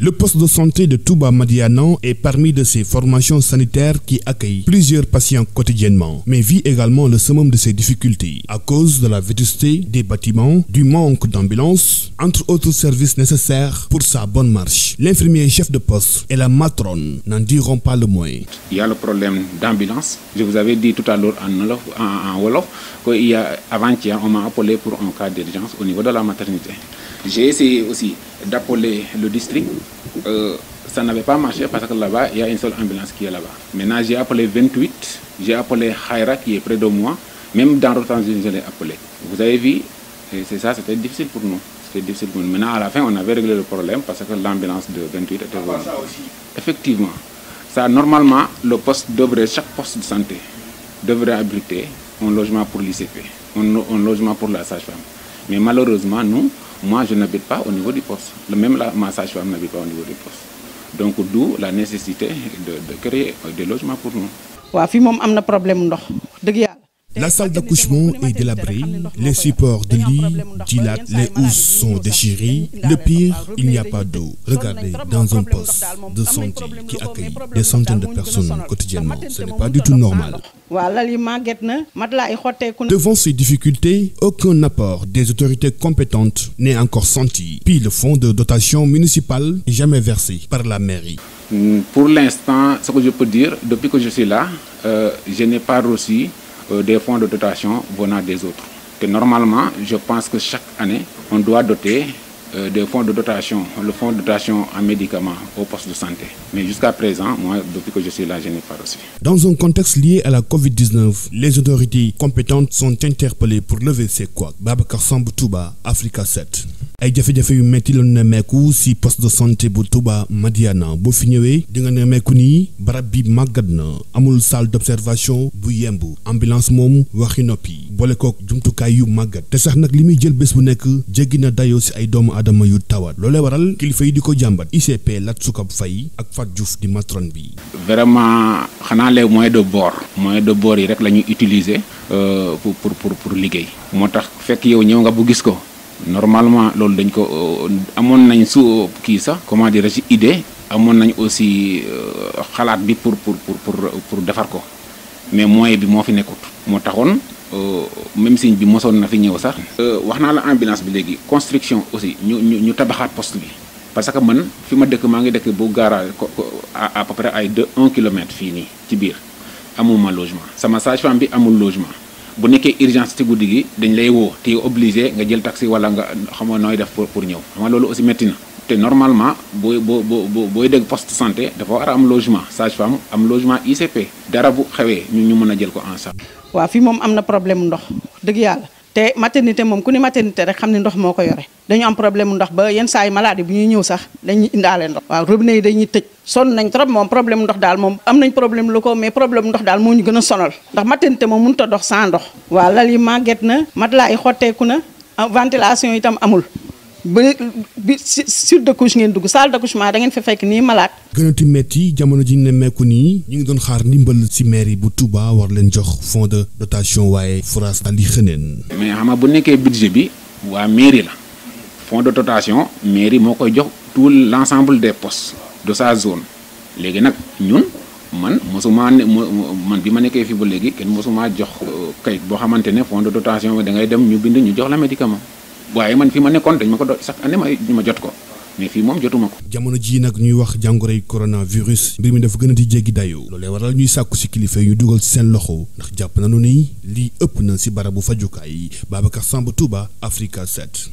Le poste de santé de Touba Madianan est parmi de ces formations sanitaires qui accueillent plusieurs patients quotidiennement, mais vit également le summum de ses difficultés à cause de la vétusté des bâtiments, du manque d'ambulances, entre autres services nécessaires pour sa bonne marche. L'infirmier chef de poste et la matrone n'en diront pas le moins. Il y a le problème d'ambulance. Je vous avais dit tout à l'heure en, Wolof qu'avant-hier, on m'a appelé pour un cas d'urgence au niveau de la maternité. J'ai essayé aussi d'appeler le district euh, ça n'avait pas marché parce que là-bas, il y a une seule ambulance qui est là-bas. Maintenant, j'ai appelé 28, j'ai appelé Khaira qui est près de moi, même dans le je l'ai appelé. Vous avez vu, c'est ça, c'était difficile pour nous. C'était difficile pour nous. Maintenant, à la fin, on avait réglé le problème parce que l'ambulance de 28 était venue. Effectivement. Ça, normalement, le poste devrait, chaque poste de santé devrait abriter un logement pour l'ICP, un, un logement pour la sage-femme. Mais malheureusement, nous, moi, je n'habite pas au niveau du poste. Même la, ma sage-femme n'habite pas au niveau du poste. donc d'où la nécessité de créer des logements pour nous. problème la salle d'accouchement est délabrée, les supports de lit dilatent, les housses sont déchirées. Le pire, il n'y a pas d'eau. Regardez, dans un poste de santé qui accueille des centaines de personnes quotidiennement, ce n'est pas du tout normal. Hein. Devant ces difficultés, aucun apport des autorités compétentes n'est encore senti. Puis le fonds de dotation municipale n'est jamais versé par la mairie. Hmm, pour l'instant, ce que je peux dire, depuis que je suis là, euh, je n'ai pas reçu euh, des fonds de dotation venant des autres. Que normalement, je pense que chaque année, on doit doter euh, des fonds de dotation, le fonds de dotation en médicaments au poste de santé. Mais jusqu'à présent, moi, depuis que je suis là, je n'ai pas reçu. Dans un contexte lié à la COVID-19, les autorités compétentes sont interpellées pour lever ces quoi Babacar Sambutuba, Africa 7. ay jafe-jafe yu metti la nemmeeku si poste de santé bu Touba Madiana bo fi ñëwee di nga nemmeeku ni barab bi màggat na amul salle d'observation bu yemb ambulance moom waxi noppi boole kook jumtukaay yu màggat te sax nag li muy jël bés bu nekk jéggi na dayo si ay doomu aadama yu tawaat loole waral kilifa yi di ko jàmbat ICP Lat Soukab Faye ak Fat Diouf di matron bi. vraiment xanaa les moyens de bord moyens de bord yi rek la ñuy utiliser euh, pour pour pour liggéey moo tax fekk yow ñëw nga bu gis ko. normalement loolu dañ ko euh, amon nañ su ki sax comment dire ci idée amon nañ aussi euh, xalaat bi pour pour pour pour defar ko mais moyen bi mo fi nekkut moo taxoon euh, même signe bi mosoon na fi ñew sax. wax naa la ambiance bi légui construction aussi ñu ñu ñu poste bi parce que man fi ma dëkk maa ngi dëkk bu garage à à peu près ay 2 un kilomètre fini, ci biir amuma logement sama sage-femme bi amul logement. bu nekkee urgence ci guddi gi dañ lay woo te obligé nga jël taxi wala nga xamoo nooy def pour pour ñëw xam nga loolu aussi métti na te normalement booy boo boo booy dégg poste santé dafa war a am logement sage am logement ICP dara bu xewee ñu ñu mën a jël ko en waa waaw fii moom am na problème ndox dëgg yàlla. te maternité moom ku ni maternité rek xam ne ndox moo ko yore dañu am problème ndox ba yenn saa yi malade bu ñuy ñëw sax dañuy indaale ndox waaw robinet yi dañuy tëj sonn nañ trop moom problème ndox daal moom am nañ problème lu ko mais problème ndox daal moo ñu gën a sonal ndax maternité moom mënut a dox sans ndox waaw lal yi màgget na matelas yi xotteeku na ah ventilation itam amul ba bi sur de couche ngeen dugg salle d'accouchement da ngeen fa fekk nii malaat. gënati metti jamono ji ñu ne mekku nii ñu ngi doon xaar ndimbal ci mairie bu Touba war leen jox fonds de dotation waaye France daal di xëneen. mais xam bu nekkee budget bi waa mairie la fonds de dotation mairie moo koy jox tout l'ensemble des postes de sa zone léegi nag ñun man mosuma ne man bi ma nekkee fii ba léegi kenn mosuma jox euh, kayit boo xamante ne fonds de dotation da ngay dem ñu bind ñu jox la médicament. waaye man fi ma nekkoon dañ ma ko do sax année may ma jot ko mais fii moom jotuma ko. jamono jii nag ñuy wax jàngoroy coronavirus. mbir mi dafa gën a di jéggi dayoo. loolee waral ñuy sàkku si kilifa yu dugal ci seen loxo ndax jàpp nañu nii lii ëpp na si barabu fajukaay yi Babacar Samb Touba Africa 7.